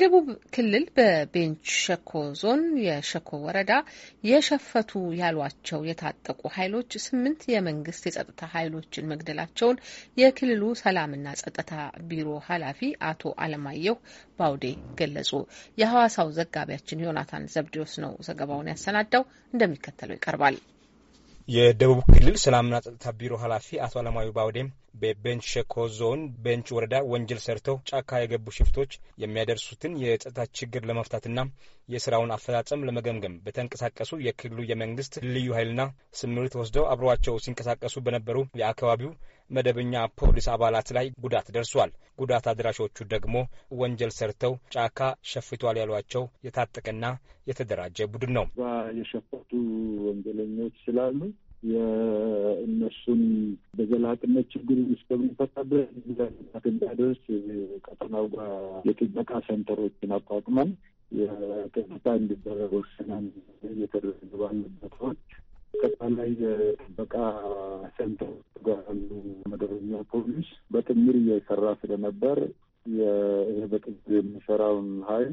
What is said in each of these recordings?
በደቡብ ክልል በቤንች ሸኮ ዞን የሸኮ ወረዳ የሸፈቱ ያሏቸው የታጠቁ ኃይሎች ስምንት የመንግስት የጸጥታ ኃይሎችን መግደላቸውን የክልሉ ሰላምና ጸጥታ ቢሮ ኃላፊ አቶ አለማየሁ ባውዴ ገለጹ። የሐዋሳው ዘጋቢያችን ዮናታን ዘብዲዎስ ነው ዘገባውን ያሰናዳው፣ እንደሚከተለው ይቀርባል። የደቡብ ክልል ሰላምና ጸጥታ ቢሮ ኃላፊ አቶ አለማዊ ባውዴም በቤንች ሸኮ ዞን ቤንች ወረዳ ወንጀል ሰርተው ጫካ የገቡ ሽፍቶች የሚያደርሱትን የጸጥታ ችግር ለመፍታትና የስራውን አፈጻጸም ለመገምገም በተንቀሳቀሱ የክልሉ የመንግስት ልዩ ኃይልና ስምሪት ወስደው አብረዋቸው ሲንቀሳቀሱ በነበሩ የአካባቢው መደበኛ ፖሊስ አባላት ላይ ጉዳት ደርሷል። ጉዳት አድራሾቹ ደግሞ ወንጀል ሰርተው ጫካ ሸፍቷል ያሏቸው የታጠቀና የተደራጀ ቡድን ነው። የሸፈቱ ወንጀለኞች ስላሉ የእነሱን በዘላቅነት ችግር እስከምንፈታ ድረስ እንዳደርስ ቀጠናው ጋር የጥበቃ ሴንተሮችን አቋቁመን የቀጥታ እንዲደረግ ወስነን እየተደረገ ባለበት ወቅት አጠቃላይ የጥበቃ ሴንተሮች ጋር ያሉ መደበኛ ፖሊስ በጥምር እየሰራ ስለነበር ይህ የሚሰራውን ኃይል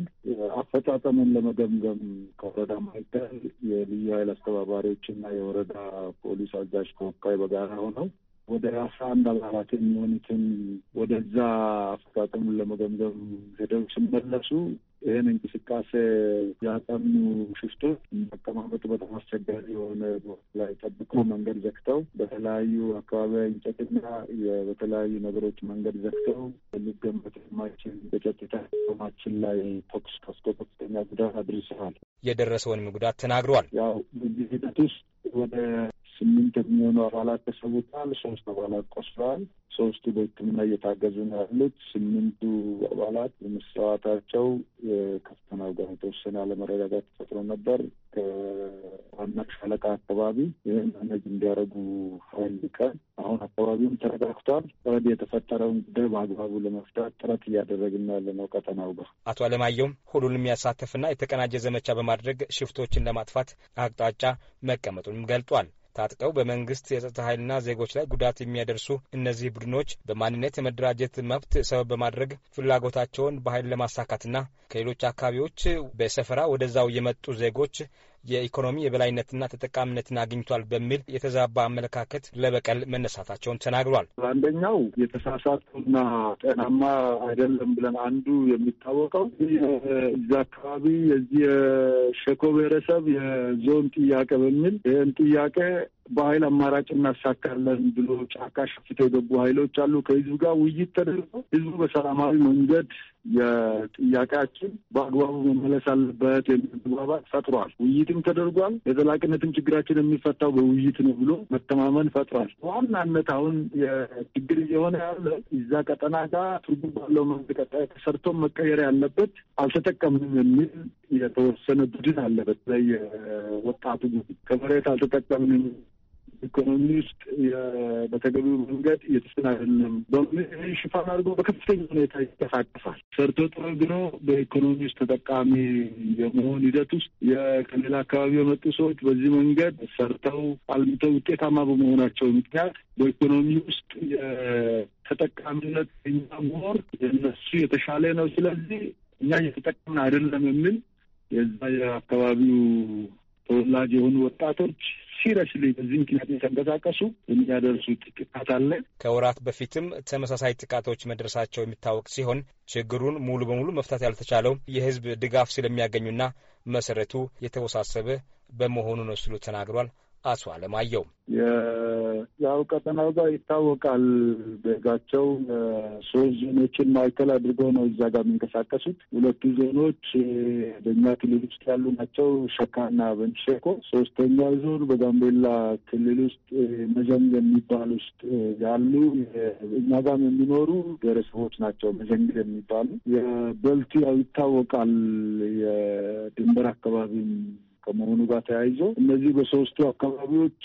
አፈጻጸሙን ለመገምገም ከወረዳ ማዕከል የልዩ አስተባባሪዎች አስተባባሪዎችና የወረዳ ፖሊስ አዛዥ ተወካይ በጋራ ሆነው ወደ አስራ አንድ አባላት የሚሆኑትን ወደዛ አፈጻጸሙን ለመገምገም ሄደው ሲመለሱ ይህን እንቅስቃሴ ያጠኑ ሽፍቶች አቀማመጡ በጣም አስቸጋሪ የሆነ ላይ ጠብቆ መንገድ ዘግተው በተለያዩ አካባቢያዊ እንጨትና በተለያዩ ነገሮች መንገድ ዘግተው ልገመት ማችን በጨጥታ ማችን ላይ ተኩስ ከፍቶ ከፍተኛ ጉዳት አድርሰዋል። የደረሰውንም ጉዳት ተናግሯል። ያው በዚህ ሂደት ውስጥ ወደ ስምንት የሚሆኑ አባላት ተሰውተዋል። ሶስት አባላት ቆስለዋል። ሶስቱ በሕክምና እየታገዙ ነው ያሉት። ስምንቱ አባላት በመሰዋታቸው ከፍተናው ጋር የተወሰነ አለመረጋጋት ተፈጥሮ ነበር። ከዋና ሻለቃ አካባቢ ይህን እነዚ እንዲያደርጉ ኃይል ቀን አሁን አካባቢውም ተረጋግቷል። ረድ የተፈጠረውን ጉዳይ በአግባቡ ለመፍታት ጥረት እያደረግን ነው። ቀጠናው ጋር አቶ አለማየሁም ሁሉን የሚያሳተፍና የተቀናጀ ዘመቻ በማድረግ ሽፍቶችን ለማጥፋት አቅጣጫ መቀመጡንም ገልጧል። ታጥቀው በመንግስት የጸጥታ ኃይልና ዜጎች ላይ ጉዳት የሚያደርሱ እነዚህ ቡድኖች በማንነት የመደራጀት መብት ሰበብ በማድረግ ፍላጎታቸውን በኃይል ለማሳካትና ከሌሎች አካባቢዎች በሰፈራ ወደዛው የመጡ ዜጎች የኢኮኖሚ የበላይነትና ተጠቃሚነትን አግኝቷል በሚል የተዛባ አመለካከት ለበቀል መነሳታቸውን ተናግሯል። አንደኛው የተሳሳቱና ጤናማ አይደለም ብለን አንዱ የሚታወቀው እዚ አካባቢ የዚህ የሸኮ ብሔረሰብ የዞን ጥያቄ በሚል ይህን ጥያቄ በኃይል አማራጭ እናሳካለን ብሎ ጫካ ሸፍተው የገቡ ኃይሎች አሉ። ከህዝቡ ጋር ውይይት ተደርጎ ህዝቡ በሰላማዊ መንገድ የጥያቄያችን በአግባቡ መመለስ አለበት መግባባት ፈጥሯል። ውይይትም ተደርጓል። የዘላቂነትም ችግራችን የሚፈታው በውይይት ነው ብሎ መተማመን ፈጥሯል። በዋናነት አሁን የችግር እየሆነ ያለ እዛ ቀጠና ጋር ትርጉም ባለው መንገድ ቀጣይ ተሰርቶ መቀየር ያለበት አልተጠቀምንም የሚል የተወሰነ ቡድን አለ። በተለይ ወጣቱ ከመሬት አልተጠቀምንም ኢኮኖሚ ውስጥ በተገቢው መንገድ የተስን አይደለም ሽፋን አድርጎ በከፍተኛ ሁኔታ ይንቀሳቀሳል። ሰርቶ ጠግኖ በኢኮኖሚ ውስጥ ተጠቃሚ የመሆን ሂደት ውስጥ ከሌላ አካባቢ የመጡ ሰዎች በዚህ መንገድ ሰርተው አልምተው ውጤታማ በመሆናቸው ምክንያት በኢኮኖሚ ውስጥ ተጠቃሚነት እኛ መሆን የነሱ የተሻለ ነው። ስለዚህ እኛ እየተጠቀምን አይደለም የሚል የዛ የአካባቢው ተወላጅ የሆኑ ወጣቶች ሲረስሊ በዚህ ምክንያት የተንቀሳቀሱ የሚያደርሱት ጥቃት አለ። ከወራት በፊትም ተመሳሳይ ጥቃቶች መድረሳቸው የሚታወቅ ሲሆን ችግሩን ሙሉ በሙሉ መፍታት ያልተቻለው የህዝብ ድጋፍ ስለሚያገኙና መሰረቱ የተወሳሰበ በመሆኑ ነው ሲሉ ተናግሯል። አቶ አለማየሁ ያው ቀጠናው ጋር ይታወቃል። በጋቸው ሶስት ዞኖችን ማዕከል አድርገው ነው እዛ ጋር የሚንቀሳቀሱት። ሁለቱ ዞኖች በእኛ ክልል ውስጥ ያሉ ናቸው፣ ሸካና በንሸኮ። ሶስተኛው ዞን በጋምቤላ ክልል ውስጥ መዘንግ የሚባል ውስጥ ያሉ እኛ ጋም የሚኖሩ ብሔረሰቦች ናቸው። መዘንግ የሚባሉ የበልቱ ያው ይታወቃል የድንበር አካባቢም ከመሆኑ ጋር ተያይዞ እነዚህ በሶስቱ አካባቢዎች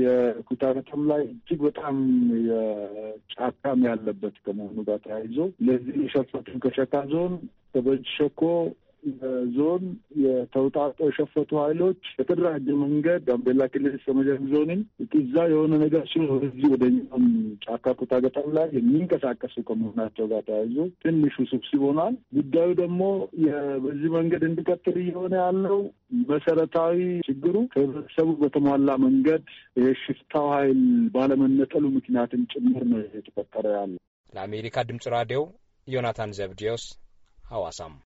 የኩታ ላይ እጅግ በጣም የጫካም ያለበት ከመሆኑ ጋር ተያይዞ ለዚህ የሸፈትን ከሸካ ዞን ከበጅ ሸኮ ዞን የተውጣጡ የሸፈቱ ኃይሎች በተደራጀ መንገድ ጋምቤላ ክልል ሰመጀን ዞንን እዛ የሆነ ነገር ሲሆን እዚህ ወደ ጫካ ኩታ ገጠም ላይ የሚንቀሳቀሱ ከመሆናቸው ጋር ተያይዞ ትንሽ ውስብስብ ሆኗል። ጉዳዩ ደግሞ በዚህ መንገድ እንዲቀጥል እየሆነ ያለው መሰረታዊ ችግሩ ከህብረተሰቡ በተሟላ መንገድ የሽፍታው ኃይል ባለመነጠሉ ምክንያትም ጭምር ነው የተፈጠረ ያለው። ለአሜሪካ ድምጽ ራዲዮ ዮናታን ዘብዲዮስ ሐዋሳም